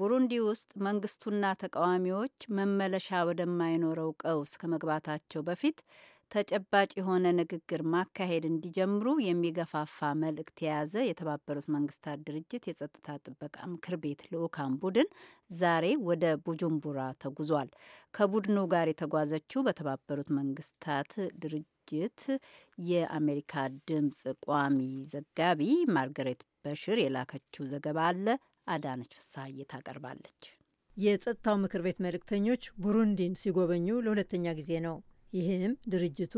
ቡሩንዲ ውስጥ መንግስቱና ተቃዋሚዎች መመለሻ ወደማይኖረው ቀውስ ከመግባታቸው በፊት ተጨባጭ የሆነ ንግግር ማካሄድ እንዲጀምሩ የሚገፋፋ መልእክት የያዘ የተባበሩት መንግስታት ድርጅት የጸጥታ ጥበቃ ምክር ቤት ልዑካን ቡድን ዛሬ ወደ ቡጁምቡራ ተጉዟል። ከቡድኑ ጋር የተጓዘችው በተባበሩት መንግስታት ድርጅት ዝግጅት የአሜሪካ ድምፅ ቋሚ ዘጋቢ ማርገሬት በሽር የላከችው ዘገባ አለ። አዳነች ፍስሀዬ ታቀርባለች። የጸጥታው ምክር ቤት መልእክተኞች ቡሩንዲን ሲጎበኙ ለሁለተኛ ጊዜ ነው። ይህም ድርጅቱ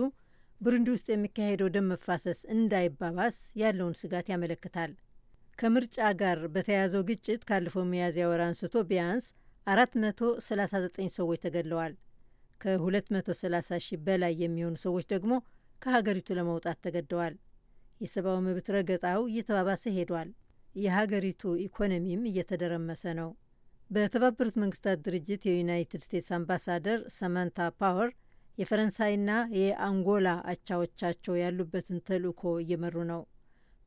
ብሩንዲ ውስጥ የሚካሄደው ደም መፋሰስ እንዳይባባስ ያለውን ስጋት ያመለክታል። ከምርጫ ጋር በተያያዘው ግጭት ካለፈው ሚያዝያ ወር አንስቶ ቢያንስ 439 ሰዎች ተገድለዋል። ከ230 ሺህ በላይ የሚሆኑ ሰዎች ደግሞ ከሀገሪቱ ለመውጣት ተገደዋል። የሰብአዊ መብት ረገጣው እየተባባሰ ሄዷል። የሀገሪቱ ኢኮኖሚም እየተደረመሰ ነው። በተባበሩት መንግስታት ድርጅት የዩናይትድ ስቴትስ አምባሳደር ሰማንታ ፓወር የፈረንሳይና የአንጎላ አቻዎቻቸው ያሉበትን ተልእኮ እየመሩ ነው።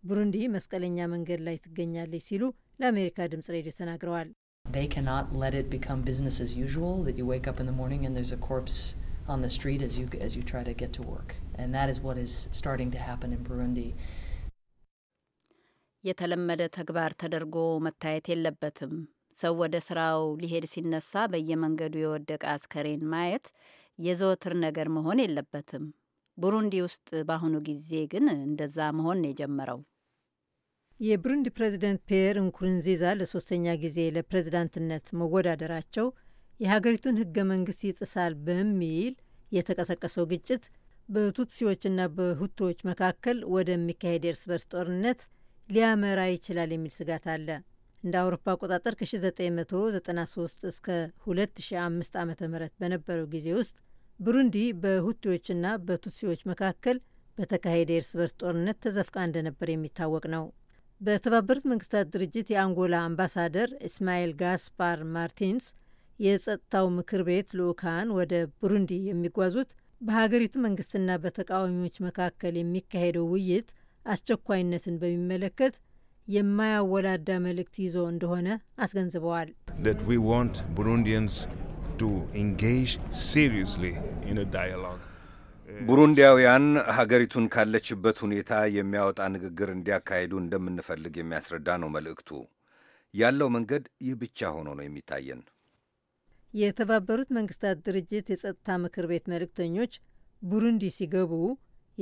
ቡሩንዲ መስቀለኛ መንገድ ላይ ትገኛለች ሲሉ ለአሜሪካ ድምጽ ሬዲዮ ተናግረዋል። They cannot let it become business as usual that you wake up in the morning and there's a corpse on the street as you as you try to get to work. And that is what is starting to happen in Burundi. የተለመደ ተግባር ተደርጎ መታየት የለበትም። ሰው ወደ ስራው ሊሄድ ሲነሳ በየመንገዱ የወደቀ አስከሬን ማየት የዘወትር ነገር መሆን የለበትም። ቡሩንዲ ውስጥ በአሁኑ ጊዜ ግን እንደዛ መሆን የጀመረው። የብሩንዲ ፕሬዚደንት ፒየር እንኩርንዚዛ ለሶስተኛ ጊዜ ለፕሬዝዳንትነት መወዳደራቸው የሀገሪቱን ህገ መንግስት ይጥሳል በሚል የተቀሰቀሰው ግጭት በቱትሲዎችና በሁቶዎች መካከል ወደሚካሄድ የእርስ በርስ ጦርነት ሊያመራ ይችላል የሚል ስጋት አለ። እንደ አውሮፓ አቆጣጠር ከ1993 እስከ 2005 ዓ ም በነበረው ጊዜ ውስጥ ብሩንዲ በሁቲዎችና በቱትሲዎች መካከል በተካሄደ የእርስ በርስ ጦርነት ተዘፍቃ እንደነበር የሚታወቅ ነው። በተባበሩት መንግስታት ድርጅት የአንጎላ አምባሳደር እስማኤል ጋስፓር ማርቲንስ የጸጥታው ምክር ቤት ልዑካን ወደ ቡሩንዲ የሚጓዙት በሀገሪቱ መንግስትና በተቃዋሚዎች መካከል የሚካሄደው ውይይት አስቸኳይነትን በሚመለከት የማያወላዳ መልእክት ይዞ እንደሆነ አስገንዝበዋል። ቡሩንዲንስ ቱ ኢንጌጅ ሲሪየስሊ ኢን ዳያሎግ ቡሩንዲያውያን ሀገሪቱን ካለችበት ሁኔታ የሚያወጣ ንግግር እንዲያካሂዱ እንደምንፈልግ የሚያስረዳ ነው መልእክቱ። ያለው መንገድ ይህ ብቻ ሆኖ ነው የሚታየን። የተባበሩት መንግስታት ድርጅት የጸጥታ ምክር ቤት መልእክተኞች ቡሩንዲ ሲገቡ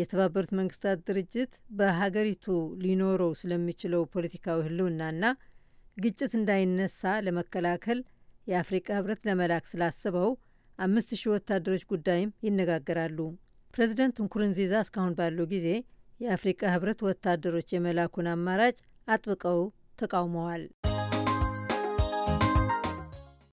የተባበሩት መንግስታት ድርጅት በሀገሪቱ ሊኖረው ስለሚችለው ፖለቲካዊ ህልውናና ግጭት እንዳይነሳ ለመከላከል የአፍሪቃ ህብረት ለመላክ ስላስበው አምስት ሺህ ወታደሮች ጉዳይም ይነጋገራሉ። ፕሬዚደንት ንኩሩንዚዛ እስካሁን ባለው ጊዜ የአፍሪቃ ህብረት ወታደሮች የመላኩን አማራጭ አጥብቀው ተቃውመዋል።